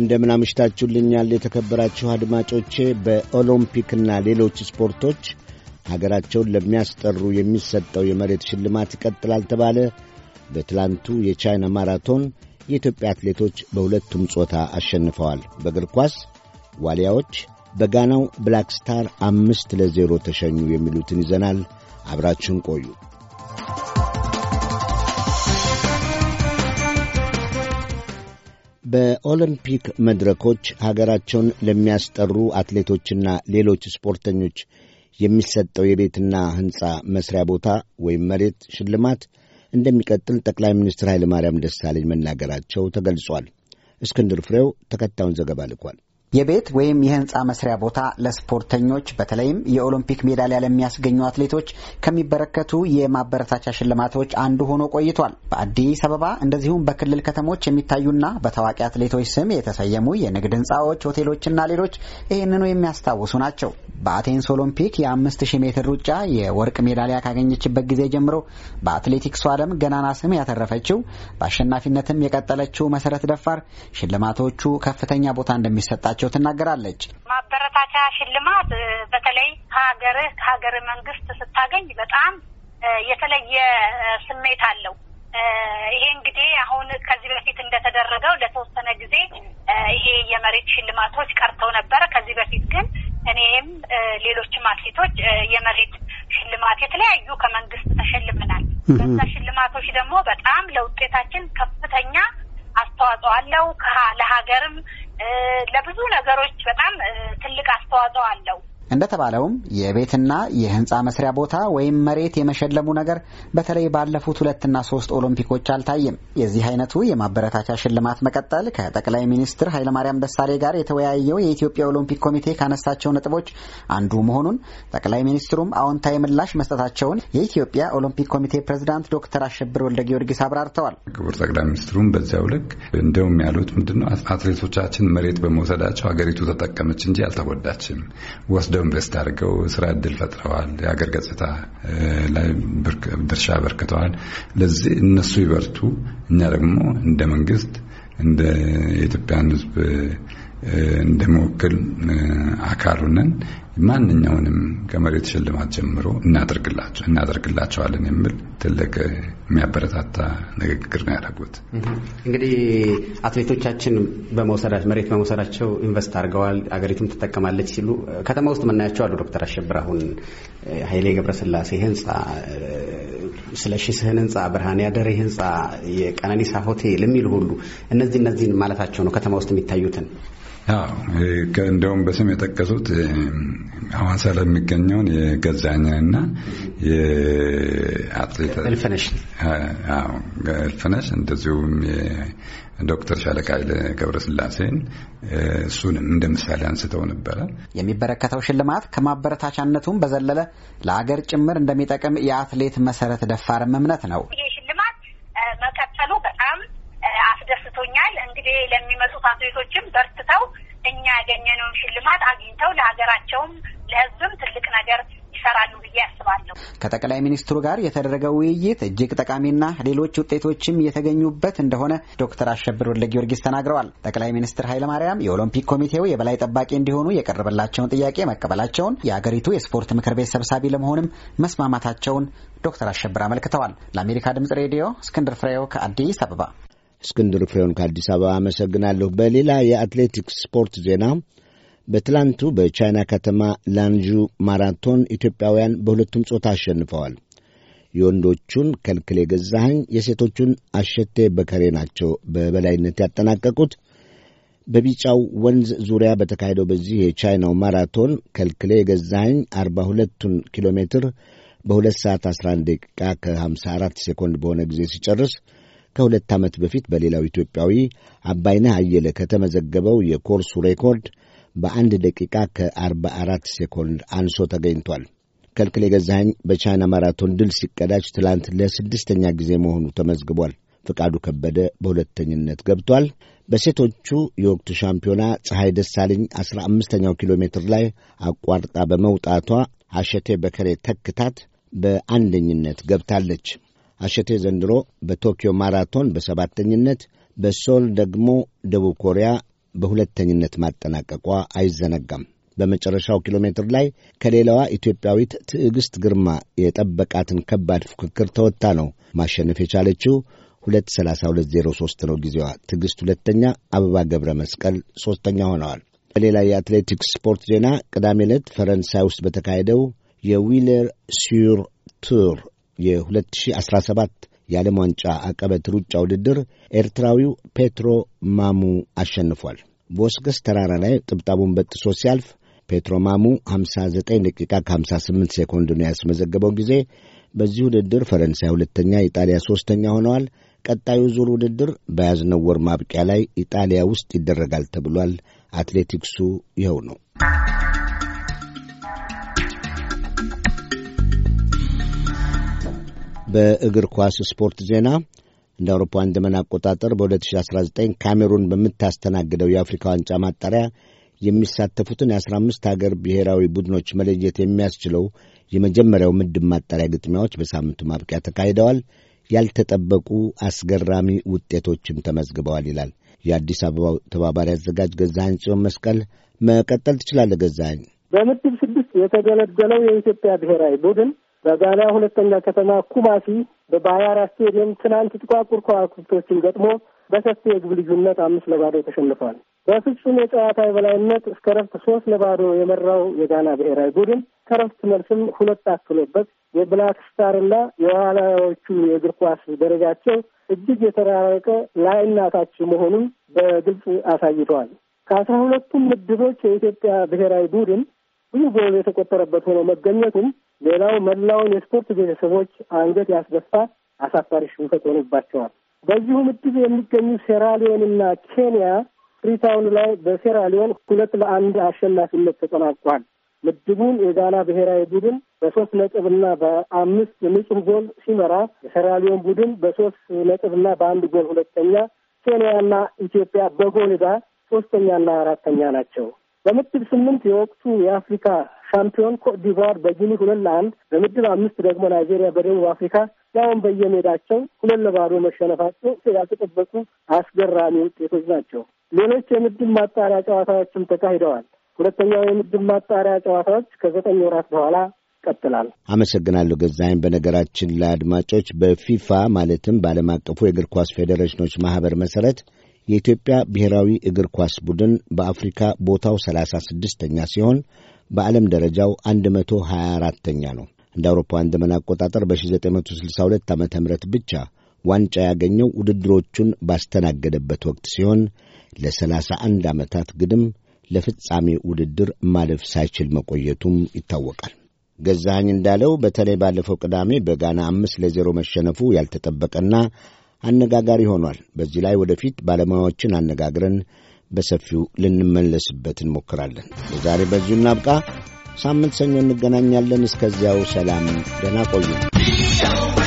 እንደምን አምሽታችሁልኛል የተከበራችሁ አድማጮቼ። በኦሎምፒክና ሌሎች ስፖርቶች ሀገራቸውን ለሚያስጠሩ የሚሰጠው የመሬት ሽልማት ይቀጥላል ተባለ። በትላንቱ የቻይና ማራቶን የኢትዮጵያ አትሌቶች በሁለቱም ጾታ አሸንፈዋል። በእግር ኳስ ዋሊያዎች በጋናው ብላክ ስታር አምስት ለዜሮ ተሸኙ። የሚሉትን ይዘናል። አብራችሁን ቆዩ። በኦሎምፒክ መድረኮች ሀገራቸውን ለሚያስጠሩ አትሌቶችና ሌሎች ስፖርተኞች የሚሰጠው የቤትና ሕንፃ መስሪያ ቦታ ወይም መሬት ሽልማት እንደሚቀጥል ጠቅላይ ሚኒስትር ኃይለማርያም ደሳለኝ መናገራቸው ተገልጿል። እስክንድር ፍሬው ተከታዩን ዘገባ ልኳል። የቤት ወይም የህንፃ መስሪያ ቦታ ለስፖርተኞች በተለይም የኦሎምፒክ ሜዳሊያ ለሚያስገኙ አትሌቶች ከሚበረከቱ የማበረታቻ ሽልማቶች አንዱ ሆኖ ቆይቷል። በአዲስ አበባ እንደዚሁም በክልል ከተሞች የሚታዩና በታዋቂ አትሌቶች ስም የተሰየሙ የንግድ ህንፃዎች፣ ሆቴሎችና ሌሎች ይህንኑ የሚያስታውሱ ናቸው። በአቴንስ ኦሎምፒክ የአምስት 5000 ሜትር ሩጫ የወርቅ ሜዳሊያ ካገኘችበት ጊዜ ጀምሮ በአትሌቲክሱ ዓለም ገናና ስም ያተረፈችው በአሸናፊነትም የቀጠለችው መሰረት ደፋር ሽልማቶቹ ከፍተኛ ቦታ እንደሚሰጣቸው እንደተሰጣቸው ትናገራለች። ማበረታቻ ሽልማት በተለይ ከሀገርህ ከሀገር መንግስት ስታገኝ በጣም የተለየ ስሜት አለው። ይሄ እንግዲህ አሁን ከዚህ በፊት እንደተደረገው ለተወሰነ ጊዜ ይሄ የመሬት ሽልማቶች ቀርተው ነበረ። ከዚህ በፊት ግን እኔም ሌሎችም አትሌቶች የመሬት ሽልማት የተለያዩ ከመንግስት ተሸልመናል። በዛ ሽልማቶች ደግሞ በጣም ለውጤታችን ከፍተኛ አስተዋጽኦ አለው። ለሀገርም ለብዙ ነገሮች በጣም ትልቅ አስተዋጽኦ አለው እንደተባለውም የቤትና የህንፃ መስሪያ ቦታ ወይም መሬት የመሸለሙ ነገር በተለይ ባለፉት ሁለትና ሶስት ኦሎምፒኮች አልታይም። የዚህ አይነቱ የማበረታቻ ሽልማት መቀጠል ከጠቅላይ ሚኒስትር ኃይለማርያም ደሳሌ ጋር የተወያየው የኢትዮጵያ ኦሎምፒክ ኮሚቴ ካነሳቸው ነጥቦች አንዱ መሆኑን ጠቅላይ ሚኒስትሩም አዎንታዊ ምላሽ መስጠታቸውን የኢትዮጵያ ኦሎምፒክ ኮሚቴ ፕሬዝዳንት ዶክተር አሸብር ወልደ ጊዮርጊስ አብራርተዋል። ክቡር ጠቅላይ ሚኒስትሩም በዚያው ልክ እንደውም ያሉት ምንድነው አትሌቶቻችን መሬት በመውሰዳቸው ሀገሪቱ ተጠቀመች እንጂ አልተጎዳችም። ኢንቨስት አድርገው ስራ እድል ፈጥረዋል። የሀገር ገጽታ ላይ ድርሻ አበርክተዋል። ለዚህ እነሱ ይበርቱ፣ እኛ ደግሞ እንደ መንግስት እንደ የኢትዮጵያን ህዝብ እንደመወክል አካሉነን ማንኛውንም ከመሬት ሽልማት ጀምሮ እናደርግላቸው እናደርግላቸዋለን የሚል ትልቅ የሚያበረታታ ንግግር ነው ያደረጉት። እንግዲህ አትሌቶቻችን በመውሰዳቸው መሬት በመውሰዳቸው ኢንቨስት አድርገዋል፣ አገሪቱም ትጠቀማለች ሲሉ ከተማ ውስጥ የምናያቸው አሉ። ዶክተር አሸብር አሁን ኃይሌ ገብረስላሴ ህንፃ፣ ስለሺ ስህን ህንፃ፣ ብርሃን ያደሬ ህንፃ፣ የቀነኒሳ ሆቴል የሚል ሁሉ እነዚህ እነዚህን ማለታቸው ነው ከተማ ውስጥ የሚታዩትን እንደውም በስም የጠቀሱት ሐዋሳ ለሚገኘውን የገዛኝንና የአትሌት እልፍነሽ እንደዚሁም ዶክተር ሻለቃ ኃይለ ገብረስላሴን እሱንም እንደ ምሳሌ አንስተው ነበረ። የሚበረከተው ሽልማት ከማበረታቻነቱም በዘለለ ለአገር ጭምር እንደሚጠቅም የአትሌት መሰረት ደፋርም እምነት ነው። እንግዲህ ለሚመጡት አትሌቶችም በርትተው እኛ ያገኘነውን ሽልማት አግኝተው ለሀገራቸውም ለህዝብም ትልቅ ነገር ይሰራሉ ብዬ አስባለሁ። ከጠቅላይ ሚኒስትሩ ጋር የተደረገው ውይይት እጅግ ጠቃሚና ሌሎች ውጤቶችም የተገኙበት እንደሆነ ዶክተር አሸብር ወልደ ጊዮርጊስ ተናግረዋል። ጠቅላይ ሚኒስትር ኃይለማርያም የኦሎምፒክ ኮሚቴው የበላይ ጠባቂ እንዲሆኑ የቀረበላቸውን ጥያቄ መቀበላቸውን፣ የአገሪቱ የስፖርት ምክር ቤት ሰብሳቢ ለመሆንም መስማማታቸውን ዶክተር አሸብር አመልክተዋል። ለአሜሪካ ድምጽ ሬዲዮ እስክንድር ፍሬው ከአዲስ አበባ እስክንድር ፍሬውን ከአዲስ አበባ አመሰግናለሁ። በሌላ የአትሌቲክስ ስፖርት ዜና በትላንቱ በቻይና ከተማ ላንዡ ማራቶን ኢትዮጵያውያን በሁለቱም ጾታ አሸንፈዋል። የወንዶቹን ከልክሌ ገዛኸኝ፣ የሴቶቹን አሸቴ በከሬ ናቸው በበላይነት ያጠናቀቁት። በቢጫው ወንዝ ዙሪያ በተካሄደው በዚህ የቻይናው ማራቶን ከልክሌ ገዛኸኝ 42ቱን ኪሎ ሜትር በ2 ሰዓት 11 ደቂቃ ከ54 ሴኮንድ በሆነ ጊዜ ሲጨርስ ከሁለት ዓመት በፊት በሌላው ኢትዮጵያዊ አባይነህ አየለ ከተመዘገበው የኮርሱ ሬኮርድ በአንድ ደቂቃ ከ44 ሴኮንድ አንሶ ተገኝቷል። ከልክሌ ገዛኸኝ በቻይና ማራቶን ድል ሲቀዳጅ ትላንት ለስድስተኛ ጊዜ መሆኑ ተመዝግቧል። ፍቃዱ ከበደ በሁለተኝነት ገብቷል። በሴቶቹ የወቅቱ ሻምፒዮና ፀሐይ ደሳልኝ አስራ አምስተኛው ኪሎ ሜትር ላይ አቋርጣ በመውጣቷ አሸቴ በከሬ ተክታት በአንደኝነት ገብታለች። አሸቴ ዘንድሮ በቶኪዮ ማራቶን በሰባተኝነት በሶል ደግሞ ደቡብ ኮሪያ በሁለተኝነት ማጠናቀቋ አይዘነጋም። በመጨረሻው ኪሎ ሜትር ላይ ከሌላዋ ኢትዮጵያዊት ትዕግሥት ግርማ የጠበቃትን ከባድ ፉክክር ተወጥታ ነው ማሸነፍ የቻለችው። 23203 ነው ጊዜዋ። ትዕግሥት ሁለተኛ፣ አበባ ገብረ መስቀል ሦስተኛ ሆነዋል። በሌላ የአትሌቲክስ ስፖርት ዜና ቅዳሜ ዕለት ፈረንሳይ ውስጥ በተካሄደው የዊለር ሱር ቱር የ2017 የዓለም ዋንጫ አቀበት ሩጫ ውድድር ኤርትራዊው ፔትሮ ማሙ አሸንፏል። ቦስገስ ተራራ ላይ ጥብጣቡን በጥሶ ሲያልፍ ፔትሮ ማሙ 59 ደቂቃ ከ58 ሴኮንድ ነው ያስመዘገበው ጊዜ። በዚህ ውድድር ፈረንሳይ ሁለተኛ፣ ኢጣሊያ ሦስተኛ ሆነዋል። ቀጣዩ ዙር ውድድር በያዝነው ወር ማብቂያ ላይ ኢጣሊያ ውስጥ ይደረጋል ተብሏል። አትሌቲክሱ ይኸው ነው። በእግር ኳስ ስፖርት ዜና እንደ አውሮፓውያን ዘመን አቆጣጠር በ2019 ካሜሩን በምታስተናግደው የአፍሪካ ዋንጫ ማጣሪያ የሚሳተፉትን የ15 ሀገር ብሔራዊ ቡድኖች መለየት የሚያስችለው የመጀመሪያው ምድብ ማጣሪያ ግጥሚያዎች በሳምንቱ ማብቂያ ተካሂደዋል። ያልተጠበቁ አስገራሚ ውጤቶችም ተመዝግበዋል ይላል የአዲስ አበባው ተባባሪ አዘጋጅ ገዛኸኝ ጽዮን መስቀል። መቀጠል ትችላለህ ገዛኸኝ። በምድብ ስድስት የተገለገለው የኢትዮጵያ ብሔራዊ ቡድን በጋና ሁለተኛ ከተማ ኩማሲ በባያራ ስቴዲየም ትናንት ጥቋቁር ከዋክብቶችን ገጥሞ በሰፊ የግብ ልዩነት አምስት ለባዶ ተሸንፏል። በፍጹም የጨዋታ የበላይነት እስከ ረፍት ሶስት ለባዶ የመራው የጋና ብሔራዊ ቡድን ከረፍት መልስም ሁለት አክሎበት የብላክ ስታርና የዋላዎቹ የእግር ኳስ ደረጃቸው እጅግ የተራራቀ ላይና መሆኑን በግልጽ አሳይተዋል። ከአስራ ሁለቱም ምድቦች የኢትዮጵያ ብሔራዊ ቡድን ይህ ጎል የተቆጠረበት ሆኖ መገኘቱም ሌላው መላውን የስፖርት ቤተሰቦች አንገት ያስደፋ አሳፋሪ ሽንፈት ሆኖባቸዋል። በዚሁ ምድብ የሚገኙ ሴራሊዮንና ኬንያ ፍሪታውን ላይ በሴራሊዮን ሁለት ለአንድ አሸናፊነት ተጠናቋል። ምድቡን የጋና ብሔራዊ ቡድን በሶስት ነጥብና በአምስት ንጹህ ጎል ሲመራ የሴራሊዮን ቡድን በሶስት ነጥብና በአንድ ጎል ሁለተኛ፣ ኬንያና ኢትዮጵያ በጎል ዕዳ ሶስተኛና አራተኛ ናቸው። በምድብ ስምንት የወቅቱ የአፍሪካ ሻምፒዮን ኮትዲቫር በጊኒ ሁለት ለአንድ በምድብ አምስት ደግሞ ናይጄሪያ በደቡብ አፍሪካ ያውን በየሜዳቸው ሁለት ለባዶ መሸነፋቸው ያልተጠበቁ አስገራሚ ውጤቶች ናቸው። ሌሎች የምድብ ማጣሪያ ጨዋታዎችም ተካሂደዋል። ሁለተኛው የምድብ ማጣሪያ ጨዋታዎች ከዘጠኝ ወራት በኋላ ይቀጥላል። አመሰግናለሁ ገዛኸኝ። በነገራችን ላይ አድማጮች በፊፋ ማለትም በዓለም አቀፉ የእግር ኳስ ፌዴሬሽኖች ማህበር መሰረት የኢትዮጵያ ብሔራዊ እግር ኳስ ቡድን በአፍሪካ ቦታው 36 ኛ ሲሆን በዓለም ደረጃው 124 መቶ ነው። እንደ አውሮፓውያን ዘመን አቆጣጠር በ1962 ዓ ም ብቻ ዋንጫ ያገኘው ውድድሮቹን ባስተናገደበት ወቅት ሲሆን ለ31 ዓመታት ግድም ለፍጻሜ ውድድር ማለፍ ሳይችል መቆየቱም ይታወቃል። ገዛኸኝ እንዳለው በተለይ ባለፈው ቅዳሜ በጋና አምስት ለዜሮ መሸነፉ ያልተጠበቀና አነጋጋሪ ሆኗል። በዚህ ላይ ወደፊት ባለሙያዎችን አነጋግረን በሰፊው ልንመለስበት እንሞክራለን። የዛሬ በዚሁ እናብቃ። ሳምንት ሰኞ እንገናኛለን። እስከዚያው ሰላም፣ ደህና ቆዩ።